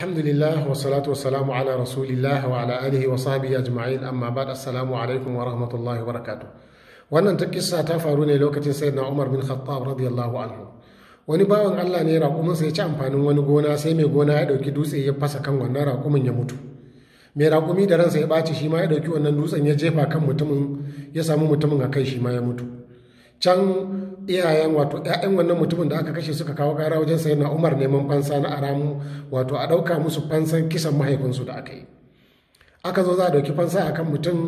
alhamdulillah wa salatu wa salamu ala rasulillah wa ala alihi wa sahbihi ajma'in amma ba'd assalamu alaikum wa rahmatullahi wa wannan ta kissa ta faru ne lokacin na Umar bin Khattab radiyallahu anhu wani bawan Allah ne raƙumin sai ya ci amfanin wani gona sai mai gona ya ɗauki dutse ya fasa kan wannan raƙumin ya mutu mai raƙumi da ransa ya ɓaci shi ma ya ɗauki wannan dutsen ya jefa kan mutumin ya samu mutumin a kai shi ma ya mutu can iyayen wato 'ya'yan wannan mutumin da aka kashe suka kawo gara wajen sayi na umar neman fansa na aramu wato a ɗauka musu fansan kisan mahaifinsu da aka yi aka zo za a ɗauki fansa akan mutum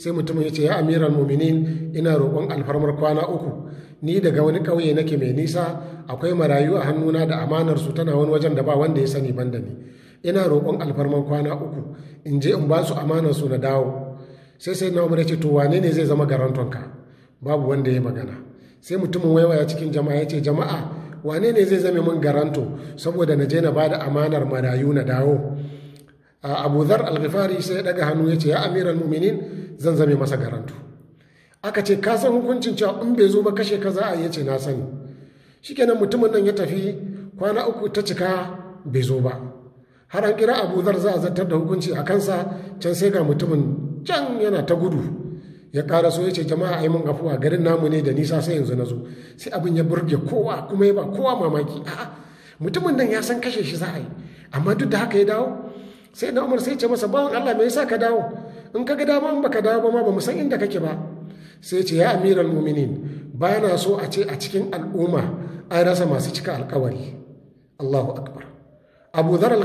sai mutumin ya ce ya amiran muminin ina roƙon alfarmar kwana uku ni daga wani ƙauye nake mai nisa akwai marayu a hannuna da amanar su tana wani wajen da ba wanda ya sani ban da ni ina roƙon alfarmar kwana uku in je in ba su amanar su na dawo sai sai na umar ya ce to wane ne zai zama garantonka babu wanda ya magana sai mutumin waiwaya cikin jama'a ya ce jama'a wane ne zai zame min garanto saboda na je na bada amanar marayu na dawo A abu zar alghifari sai ya daga hannu ya ce ya amiran muminin zan zame masa garanto aka ce ka san hukuncin cewa in bai zo ba kashe ka za a yi" ce na sani shikenan mutumin nan ya tafi kwana uku ta cika bai zo ba har an kira abu zar za a zartar da hukunci a kansa can sai ga mutumin can yana ta gudu ya ƙara so ya ce jama'a ai mun afuwa garin namu ne da nisa sai yanzu na zo sai abin ya burge kowa kuma ya ba kowa mamaki a'a mutumin nan ya san kashe shi za a yi amma duk da haka ya dawo sai na umar sai ce masa bawan Allah me yasa ka dawo in ka ga dama in baka dawo ba ma bamu san inda kake ba sai ce ya amiral mu'minin ba na so a ce a cikin al'umma an rasa masu cika alkawari Allahu akbar Abu Dhar al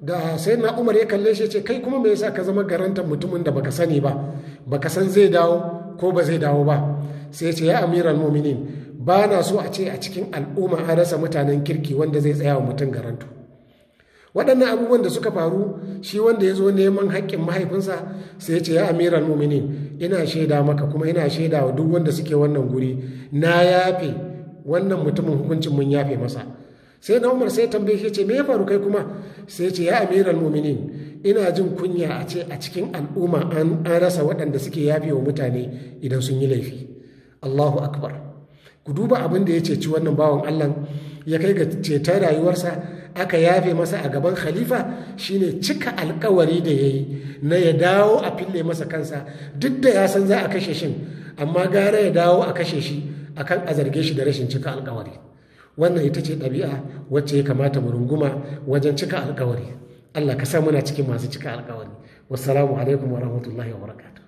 da sai na umar ya kalle shi ce kai kuma me yasa ka zama garantar mutumin da baka sani ba baka san zai dawo ko ba zai dawo ba sai ce ya amiran muminin ba na so a ce a cikin al'umma a rasa mutanen kirki wanda zai tsaya wa mutum garanto waɗannan abubuwan da suka faru shi wanda ya zo neman haƙƙin mahaifinsa sai ya ce ya amiran muminin ina shaida maka kuma ina shaida wa duk wanda suke wannan guri na yafe wannan mutumin hukuncin mun yafe masa sai na umar sai tambaye shi ce me ya faru kai kuma sai ce ya amiral muminin ina jin kunya a ce a cikin al'umma an rasa waɗanda suke yafe wa mutane idan sun yi laifi allahu akbar ku duba abin da ya ceci wannan bawan allah ya kai ga ceton rayuwarsa aka yafe masa a gaban khalifa shine cika alkawari da ya yi na ya dawo a fille masa kansa duk da ya san za a kashe shin amma gara ya dawo a kashe shi akan a zarge shi da rashin cika alkawari wannan ita ce ɗabi'a wacce ya kamata mu runguma wajen cika alkawari Allah ka sa muna cikin masu cika alkawari wassalamu alaikum wa rahmatullahi wa barakatuh